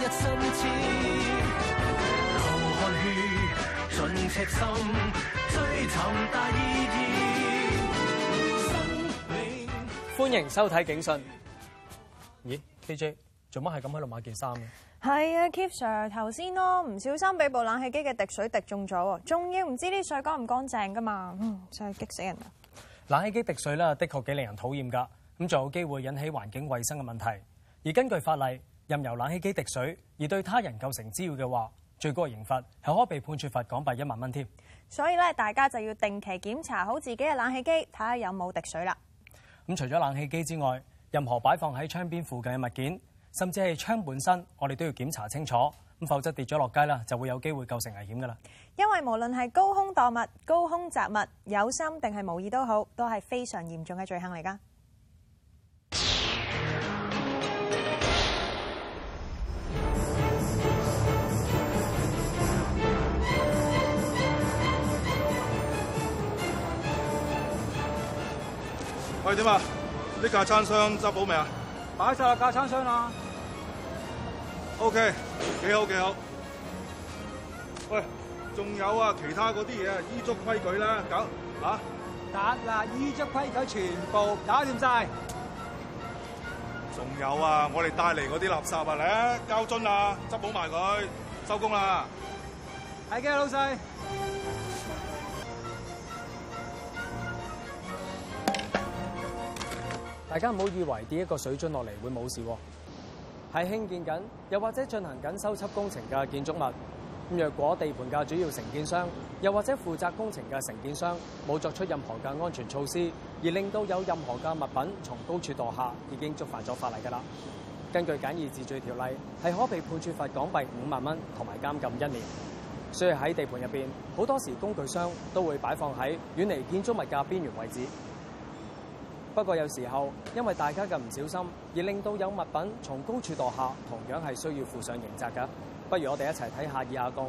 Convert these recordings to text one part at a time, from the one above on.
一生流汗血，盡赤心，追尋大意義生命，歡迎收睇警訊。咦，KJ，做乜係咁喺度買件衫嘅？係啊，keep Sir，頭先咯，唔小心俾部冷氣機嘅滴水滴中咗，仲要唔知啲水乾唔乾淨噶嘛？嗯，真係激死人啊！冷氣機滴水啦，的確幾令人討厭噶，咁仲有機會引起環境衛生嘅問題。而根據法例，任由冷氣機滴水，而對他人構成滋擾嘅話，最高刑罰係可被判處罰港幣一萬蚊添。所以咧，大家就要定期檢查好自己嘅冷氣機，睇下有冇滴水啦。咁除咗冷氣機之外，任何擺放喺窗邊附近嘅物件，甚至係窗本身，我哋都要檢查清楚。咁否則跌咗落街啦，就會有機會構成危險噶啦。因為無論係高空墮物、高空擲物，有心定係無意都好，都係非常嚴重嘅罪行嚟噶。點啊？啲架餐箱執好未啊？擺晒啦，架餐箱啦。OK，幾好幾好。喂，仲有啊，其他嗰啲嘢依足規矩啦，搞啊。得嗱，依足規矩全部搞掂晒。仲有啊，我哋帶嚟嗰啲垃圾啊，嚟啊，膠樽啊，執好埋佢，收工啦。係嘅，老細。大家唔好以為跌一個水樽落嚟，會冇事。喺興建緊又或者進行緊修葺工程嘅建築物，若果地盤嘅主要承建商又或者負責工程嘅承建商冇作出任何嘅安全措施，而令到有任何嘅物品從高處墮下，已經觸犯咗法例噶啦。根據簡易治罪條例，係可被判處罰港幣五萬蚊同埋監禁一年。所以喺地盤入邊，好多時工具箱都會擺放喺遠離建築物嘅邊緣位置。不過有時候，因為大家嘅唔小心，而令到有物品從高處墮下，同樣係需要負上刑責㗎。不如我哋一齊睇下以下個案。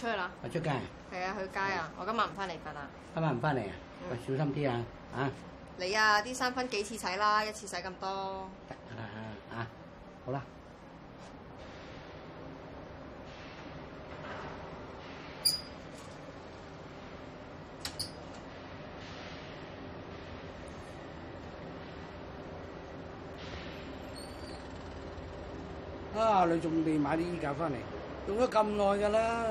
出去啦！我出街？係啊，去街啊！我今晚唔翻嚟瞓啦。今晚唔翻嚟啊！喂，小心啲啊！啊！你啊，啲衫分幾次洗啦？一次洗咁多。啊啊啊！好啦。啊，你仲未買啲衣架翻嚟？用咗咁耐㗎啦。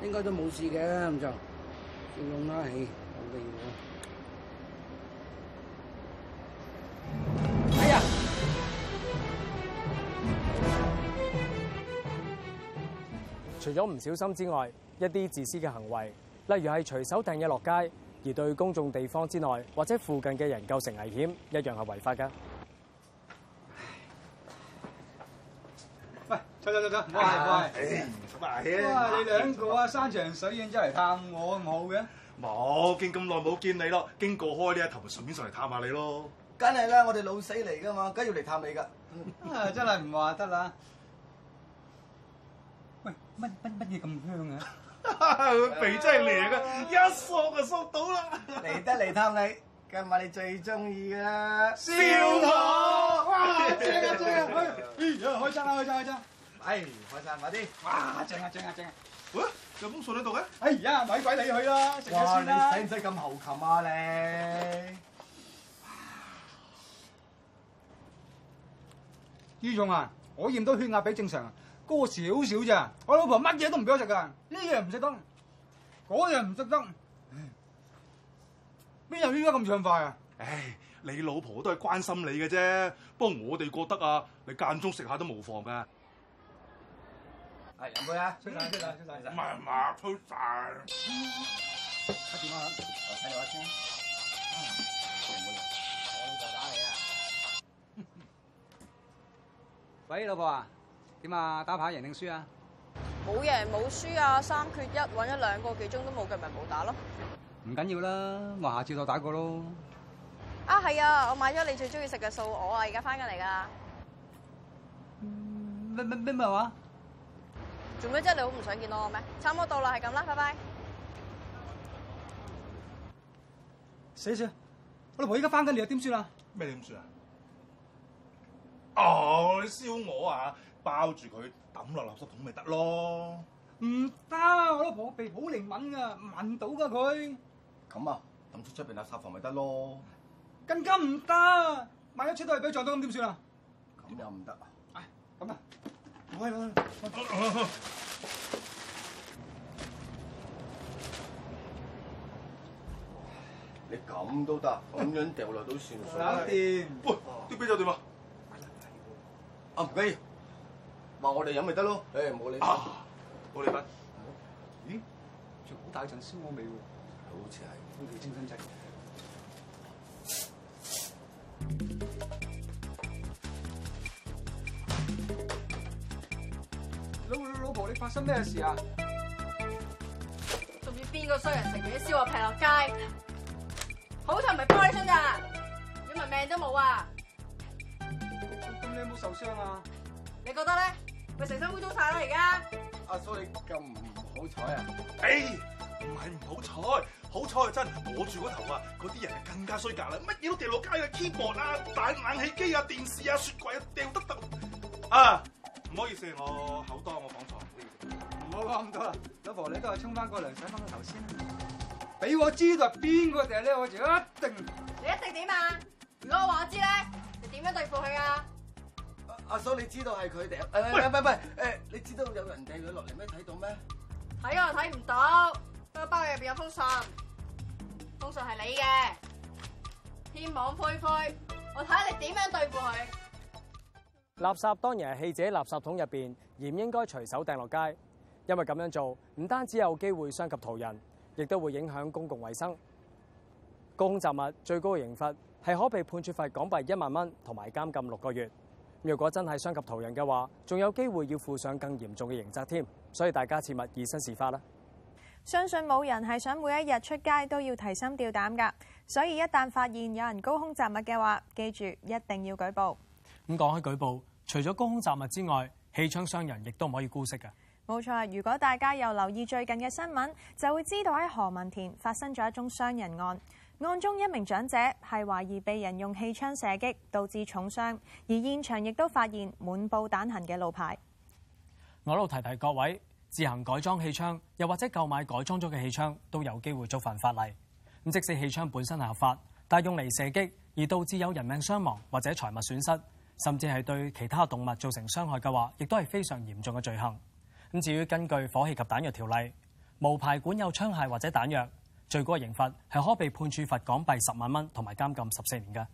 應該都冇事嘅，咁就笑擁起，哎呀！除咗唔小心之外，一啲自私嘅行為，例如係隨手掟嘢落街，而對公眾地方之內或者附近嘅人構成危險，一樣係違法㗎。走走唔好奇怪。哇，你兩個啊，山長水遠出嚟探我咁好嘅？冇經咁耐冇見你咯，經過開呢一頭咪順便上嚟探下你咯。梗係啦，我哋老死嚟噶嘛，梗要嚟探你噶。真係唔話得啦。喂，乜乜乜嘢咁香啊？個鼻真係靈啊，一嗦就嗦到啦。嚟得嚟探你，今日你最中意嘅燒鵪鶉。哇，開心啦，開心開心。係，開晒，快啲！哇，正啊正啊正啊！喂，有封信喺度嘅。哎呀，咪鬼你去啦！食下先，你使唔使咁猴琴啊？你呢種啊，我驗到血壓比正常，啊、高少少啫。我老婆乜嘢都唔俾我食噶，呢樣唔食得，嗰樣唔食得，邊有依家咁暢快啊？唉、哎，你老婆都係關心你嘅啫。不過我哋覺得啊，你間中食下都無妨嘅。哎，呀！喂，老婆啊，點啊？打牌贏定輸啊？冇贏冇輸啊，三缺一，搵咗兩個幾鐘都冇嘅，咪冇打咯。唔緊要啦，我下次再打過咯。啊，係啊，我買咗你最中意食嘅素鵝啊，而家翻緊嚟噶。咩咩咩咩話？做咩啫？你好唔想見到我咩？差唔多到啦，係咁啦，拜拜。死算！我老婆依家翻緊嚟，又點算啊？咩點算啊？哦，燒鵝啊，包住佢抌落垃圾桶咪得咯。唔得，我老婆鼻好靈敏噶，聞到噶佢。咁啊，抌出出邊垃圾房咪得咯。更加唔得，萬一出到嚟俾撞到，咁點算啊？咁又唔得。咁啊。喂喂，你咁都得，咁樣掉落都算數。打掂，喂，啲啤酒掂嘛？阿妹，話我哋飲咪得咯。誒，冇理佢，冇理佢。咦，仲好大陣鮮果味喎。好似係空氣清新劑。發生咩事啊？仲要邊個衰人食完啲燒鵝劈落街？好彩唔係波你出咋？要唔係命都冇啊？咁、啊、你有冇受傷啊？你覺得咧？咪成身污糟晒啦而家？阿、啊、衰，你咁唔好彩啊？哎，唔係唔好彩，好彩又真。我住嗰頭啊，嗰啲人啊更加衰格啦，乜嘢都掉落街啊，keyboard 啊，大冷氣機啊，電視啊，雪櫃啊，掉得得！啊！唔好意思，我口多我話唔到啦，老婆，你都係沖翻個涼水，沖個頭先啦。俾我知道邊個掟咧，我就一定。你一定點啊？如果我話知咧，你點樣對付佢啊？阿嫂，你知道係佢掟？喂喂喂？誒，你知道有人掟佢落嚟咩？睇到咩？睇啊，睇唔到。不過包入邊有封信，封信係你嘅。天網恢恢，我睇下你點樣對付佢。垃圾當然係棄者垃圾桶入邊，而唔應該隨手掟落街。因為咁樣做唔單止有機會傷及途人，亦都會影響公共衛生。高空擲物最高嘅刑罰係可被判處罰港幣一萬蚊，同埋監禁六個月。如果真係傷及途人嘅話，仲有機會要負上更嚴重嘅刑責添。所以大家切勿以身試法啦。相信冇人係想每一日出街都要提心吊膽㗎，所以一旦發現有人高空擲物嘅話，記住一定要舉報。咁講開舉報，除咗高空擲物之外，氣槍傷人亦都唔可以姑息㗎。冇錯，如果大家有留意最近嘅新聞，就會知道喺何文田發生咗一宗傷人案。案中一名長者係懷疑被人用氣槍射擊，導致重傷。而現場亦都發現滿布彈痕嘅路牌。我都提提各位，自行改裝氣槍，又或者購買改裝咗嘅氣槍，都有機會觸犯法例。咁即使氣槍本身合法，但用嚟射擊而導致有人命傷亡或者財物損失，甚至係對其他動物造成傷害嘅話，亦都係非常嚴重嘅罪行。咁至於根據火器及彈藥條例，無牌管有槍械或者彈藥，最高的刑罰係可被判處罰港幣十萬蚊同埋監禁十四年嘅。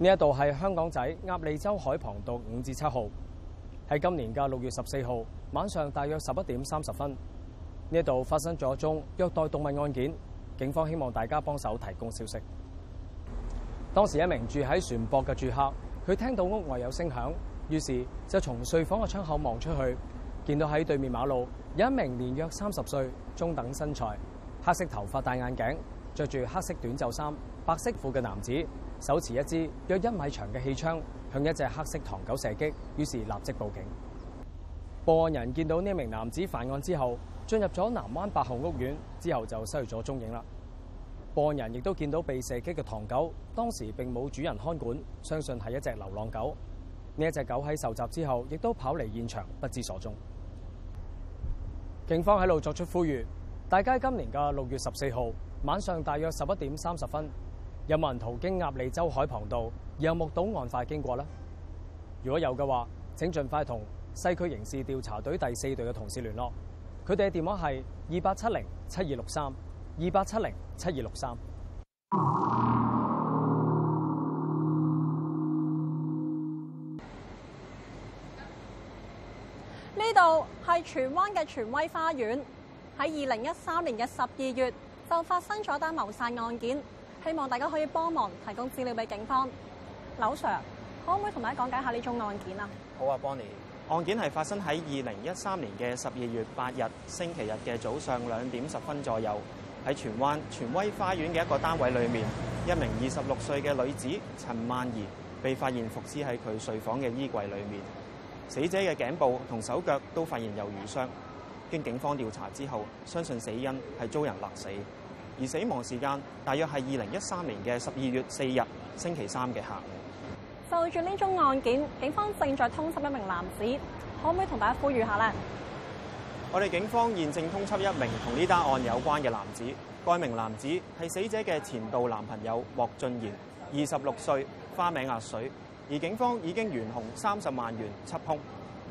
呢一度係香港仔鴨脷洲海旁道五至七號，喺今年嘅六月十四號晚上大約十一點三十分，呢一度發生咗一宗虐待動物案件，警方希望大家幫手提供消息。當時一名住喺船舶嘅住客，佢聽到屋外有聲響，於是就從睡房嘅窗口望出去，見到喺對面馬路有一名年約三十歲、中等身材、黑色頭髮、戴眼鏡、着住黑色短袖衫、白色褲嘅男子，手持一支約一米長嘅氣槍向一隻黑色唐狗射擊，於是立即報警。報案人見到呢名男子犯案之後，進入咗南灣八號屋苑，之後就失去咗蹤影啦。案人亦都見到被射擊嘅唐狗，當時並冇主人看管，相信係一隻流浪狗。呢一隻狗喺受襲之後，亦都跑嚟現場，不知所蹤。警方喺度作出呼籲，大家今年嘅六月十四號晚上大約十一點三十分，有冇人途經鴨脷洲海旁道，又有目睹案發經過呢？如果有嘅話，請盡快同西區刑事調查隊第四隊嘅同事聯絡，佢哋嘅電話係二八七零七二六三。二八七零七二六三。呢度係荃灣嘅荃威花園。喺二零一三年嘅十二月就發生咗單謀殺案件，希望大家可以幫忙提供資料俾警方。劉 Sir 可唔可以同大家講解下呢宗案件啊？好啊，Bonnie。案件係發生喺二零一三年嘅十二月八日星期日嘅早上兩點十分左右。喺荃灣荃威花園嘅一個單位裏面，一名二十六歲嘅女子陳曼儀被發現伏屍喺佢睡房嘅衣櫃裏面，死者嘅頸部同手腳都發現有瘀傷，經警方調查之後，相信死因係遭人勒死，而死亡時間大約係二零一三年嘅十二月四日星期三嘅下午。就住呢宗案件，警方正在通緝一名男子，可唔可以同大家呼籲下呢？我哋警方現正通緝一名同呢單案有關嘅男子，該名男子係死者嘅前度男朋友莫俊賢，二十六歲，花名阿水。而警方已經懸紅三十萬元緝凶。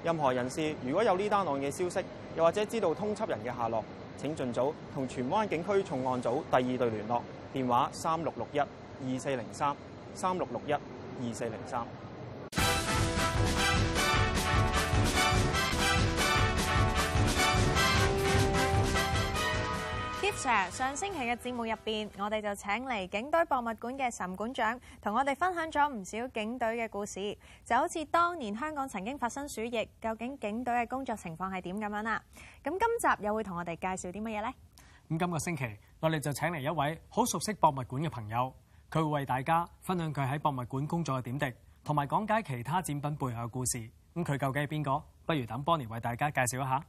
任何人士如果有呢單案嘅消息，又或者知道通緝人嘅下落，請盡早同荃灣警區重案組第二隊聯絡，電話三六六一二四零三，三六六一二四零三。Sir, 上星期嘅節目入邊，我哋就請嚟警隊博物館嘅岑館長，同我哋分享咗唔少警隊嘅故事，就好似當年香港曾經發生鼠疫，究竟警隊嘅工作情況係點咁樣啦。咁今集又會同我哋介紹啲乜嘢呢？咁今個星期我哋就請嚟一位好熟悉博物館嘅朋友，佢會為大家分享佢喺博物館工作嘅點滴，同埋講解其他展品背後嘅故事。咁佢究竟係邊個？不如等 Bonnie 為大家介紹一下。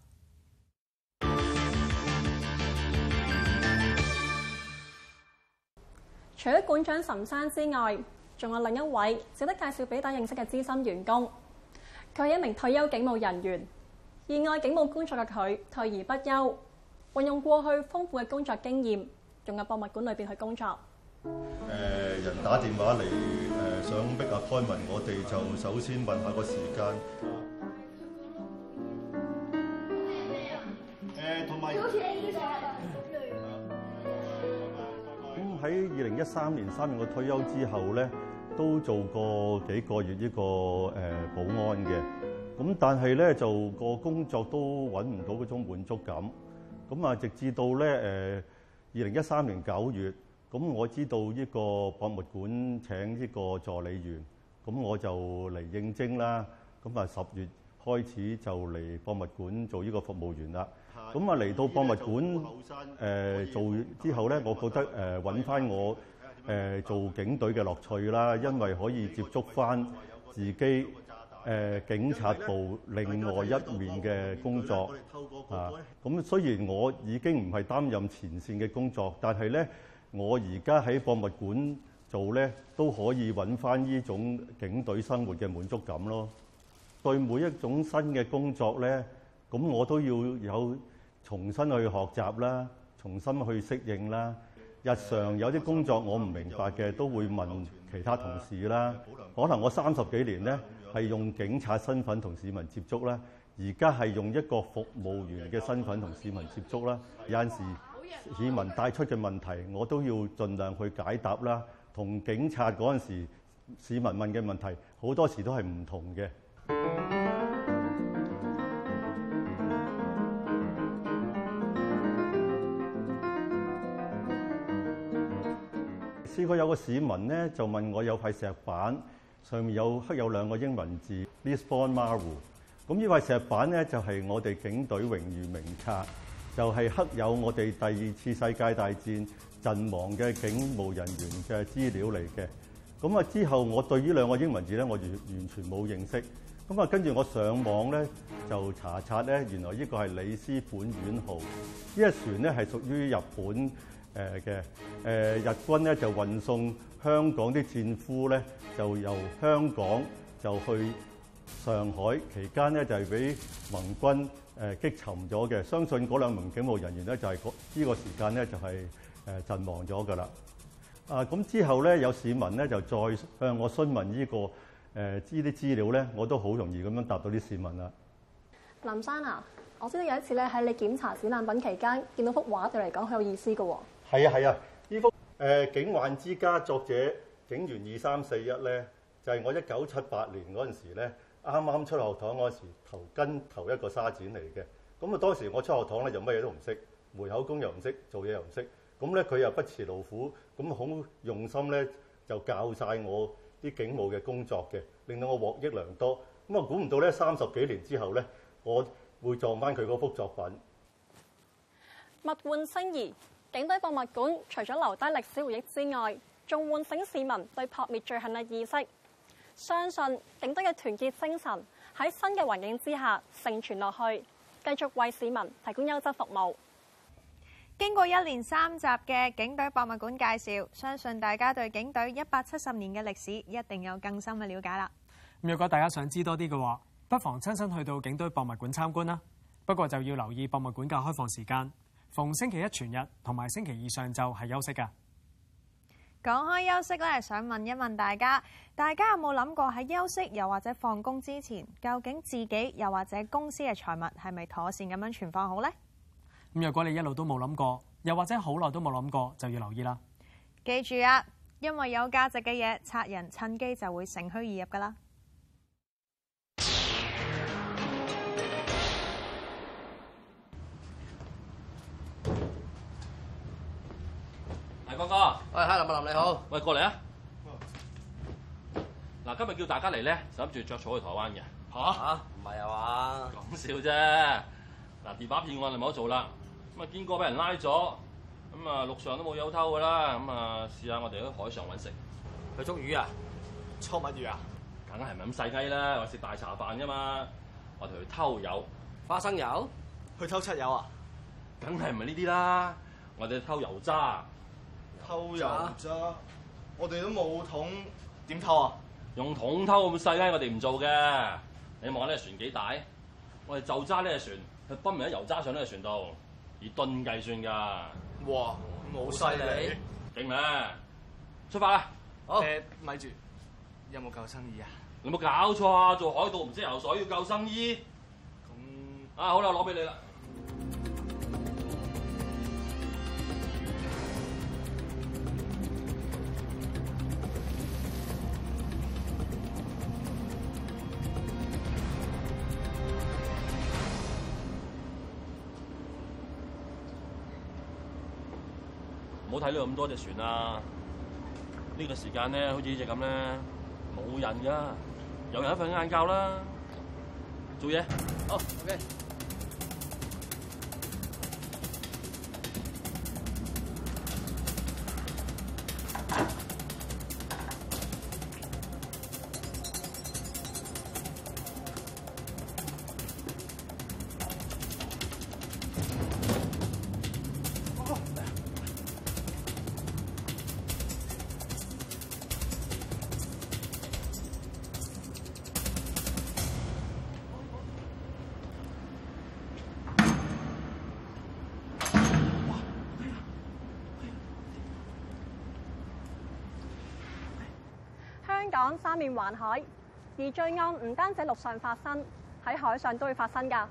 除咗館長岑山之外，仲有另一位值得介紹俾大家認識嘅資深員工。佢係一名退休警務人員，熱愛警務工作嘅佢退而不休，運用過去豐富嘅工作經驗，仲喺博物館裏面去工作。呃、人打電話嚟、呃、想逼阿開文，我哋就首先問一下個時間。喺二零一三年三月我退休之後咧，都做過幾個月呢、呢個誒、呃、保安嘅，咁但係咧就個工作都揾唔到嗰種滿足感，咁啊直至到咧誒二零一三年九月，咁我知道呢個博物館請呢個助理員，咁我就嚟應徵啦，咁啊十月開始就嚟博物館做呢個服務員啦。咁啊嚟到博物館誒做之後咧，我覺得誒揾翻我誒做警隊嘅樂趣啦，因為可以接觸翻自己誒警察部另外一面嘅工作啊。咁雖然我已經唔係擔任前線嘅工作，但係咧我而家喺博物館做咧都可以揾翻呢種警隊生活嘅滿足感咯。對每一種新嘅工作咧，咁我都要有。重新去學習啦，重新去適應啦。日常有啲工作我唔明白嘅，都會問其他同事啦。可能我三十幾年呢，係用警察身份同市民接觸啦，而家係用一個服務員嘅身份同市民接觸啦。有陣時市民帶出嘅問題，我都要盡量去解答啦。同警察嗰陣時市民問嘅問題，好多時都係唔同嘅。呢個有個市民咧，就問我有塊石板，上面有刻有兩個英文字 Lisbon Maru，咁呢塊石板咧就係、是、我哋警隊榮譽名冊，就係、是、刻有我哋第二次世界大戰陣亡嘅警務人員嘅資料嚟嘅。咁啊之後我對呢兩個英文字咧，我完完全冇認識，咁啊跟住我上網咧就查查咧，原來呢個係里斯本丸號，這個、呢隻船咧係屬於日本。誒嘅誒日軍咧就運送香港啲戰俘咧，就由香港就去上海期間咧就係、是、俾盟軍誒擊、呃、沉咗嘅。相信嗰兩名警務人員咧就係、是、呢個時間咧就係、是、誒、呃、陣亡咗㗎啦。啊，咁之後咧有市民咧就再向我詢問、這個呃、這資呢個誒呢啲資料咧，我都好容易咁樣答到啲市民啦。林生啊，我知道有一次咧喺你檢查展覽品期間，見到幅畫對嚟講好有意思嘅喎、哦。係啊係啊！呢、啊、幅誒、呃《警幻之家》，作者警員二三四一咧，就係我一九七八年嗰陣時咧，啱啱出學堂嗰時候，頭跟頭一個沙展嚟嘅。咁啊，當時我出學堂咧就乜嘢都唔識，門口工又唔識，做嘢又唔識。咁咧佢又不辭勞苦，咁好用心咧就教晒我啲警務嘅工作嘅，令到我獲益良多。咁啊，估唔到咧三十幾年之後咧，我會撞翻佢嗰幅作品《物換星移》。警隊博物館除咗留低歷史回憶之外，仲喚醒市民對撲滅罪行嘅意識。相信警隊嘅團結精神喺新嘅環境之下盛傳落去，繼續為市民提供優質服務。經過一連三集嘅警隊博物館介紹，相信大家對警隊一百七十年嘅歷史一定有更深嘅了解啦。如果大家想知道多啲嘅話，不妨親身去到警隊博物館參觀啦。不過就要留意博物館嘅開放時間。逢星期一全日同埋星期二上晝係休息噶。講開休息咧，想問一問大家，大家有冇諗過喺休息又或者放工之前，究竟自己又或者公司嘅財物係咪妥善咁樣存放好呢？咁如果你一路都冇諗過，又或者好耐都冇諗過，就要留意啦。記住啊，因為有價值嘅嘢，賊人趁機就會乘虛而入噶啦。阿林你好，喂，過嚟啊！嗱，今日叫大家嚟咧，就諗住着草去台灣嘅吓，吓、啊？唔係啊嘛？講笑啫！嗱，電話騙案就冇得做啦，咁啊堅哥俾人拉咗，咁啊陸上都冇嘢好偷噶啦，咁啊試下我哋喺海上搵食，去捉魚啊？粗密魚啊？梗係唔係咁細雞啦，我食大茶飯噶嘛，我哋去偷油，花生油？去偷七油啊？梗係唔係呢啲啦，我哋偷油渣。偷油渣？啊、我哋都冇桶，點偷啊？用桶偷咁細咧，我哋唔做嘅。你望下呢隻船幾大？我哋就揸呢隻船去分埋啲油渣上呢隻船度，以噸計算㗎。哇，好犀利！勁咩？出發啦！好，誒、呃，咪住，有冇救生衣啊？有冇搞錯啊？做海盜唔知游水要救生衣？咁啊，好啦，攞俾你啦。睇到咁多隻船啊！呢個時間咧，好似呢隻咁咧，冇人噶，有人喺瞓晏覺啦。做嘢，好，OK。三面環海，而罪案唔單止陸上發生，喺海上都會發生㗎。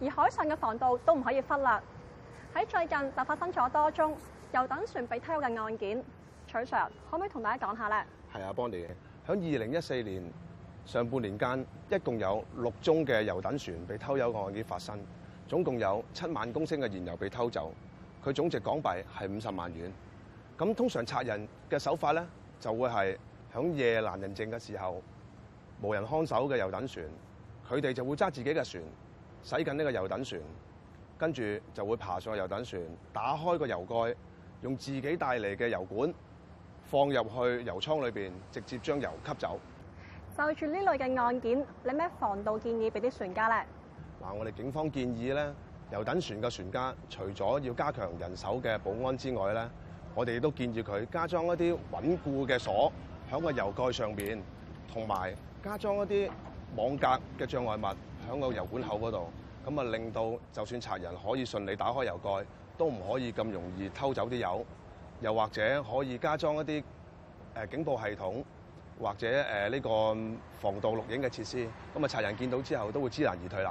而海上嘅防盜都唔可以忽略。喺最近就發生咗多宗油等船被偷嘅案件。取 Sir 可唔可以同大家講下咧？係啊，邦尼。喺二零一四年上半年間，一共有六宗嘅油等船被偷油嘅案件發生，總共有七萬公升嘅燃油被偷走，佢總值港幣係五十萬元。咁通常賊人嘅手法咧，就會係～喺夜闌人靜嘅時候，無人看守嘅油等船，佢哋就會揸自己嘅船，駛緊呢個油等船，跟住就會爬上油等船，打開個油蓋，用自己帶嚟嘅油管放入去油艙裏邊，直接將油吸走。就住呢類嘅案件，你咩防盜建議俾啲船家咧？嗱，我哋警方建議咧，油等船嘅船家，除咗要加強人手嘅保安之外咧，我哋亦都建議佢加裝一啲穩固嘅鎖。喺個油蓋上面，同埋加裝一啲網格嘅障礙物，喺個油管口嗰度，咁啊令到就算賊人可以順利打開油蓋，都唔可以咁容易偷走啲油。又或者可以加裝一啲誒警報系統，或者誒呢個防盜錄影嘅設施，咁啊賊人見到之後都會知難而退啦。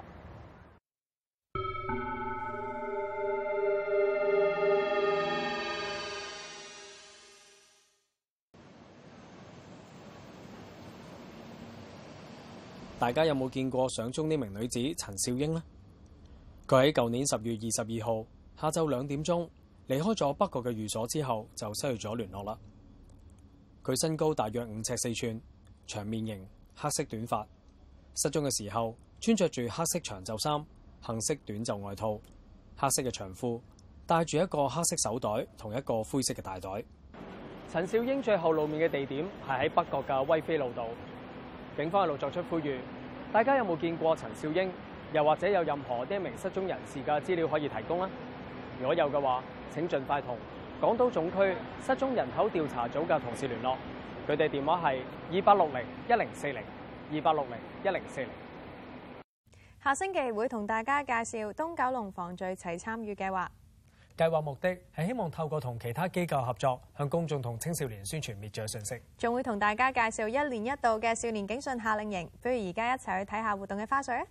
大家有冇見過相中呢名女子陳少英呢？佢喺舊年十月二十二號下晝兩點鐘離開咗北角嘅寓所之後，就失去咗聯絡啦。佢身高大約五尺四寸，長面型，黑色短髮。失蹤嘅時候，穿着住黑色長袖衫、杏色短袖外套、黑色嘅長褲，戴住一個黑色手袋同一個灰色嘅大袋。陳少英最後露面嘅地點係喺北角嘅威非路道。警方一路作出呼籲，大家有冇見過陳少英？又或者有任何一名失蹤人士嘅資料可以提供啊？如果有嘅話，請盡快同港島總區失蹤人口調查組嘅同事聯絡，佢哋電話係二八六零一零四零二八六零一零四零。下星期會同大家介紹東九龍防罪齊參與計劃。計劃目的係希望透過同其他機構合作，向公眾同青少年宣傳滅罪信息，仲會同大家介紹一年一度嘅少年警訊夏令營，不如而家一齊去睇下活動嘅花絮啊！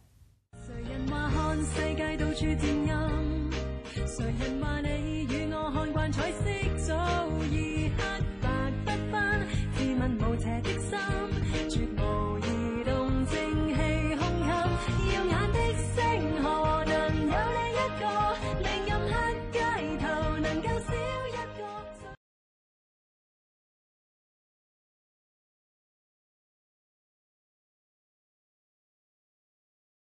誰人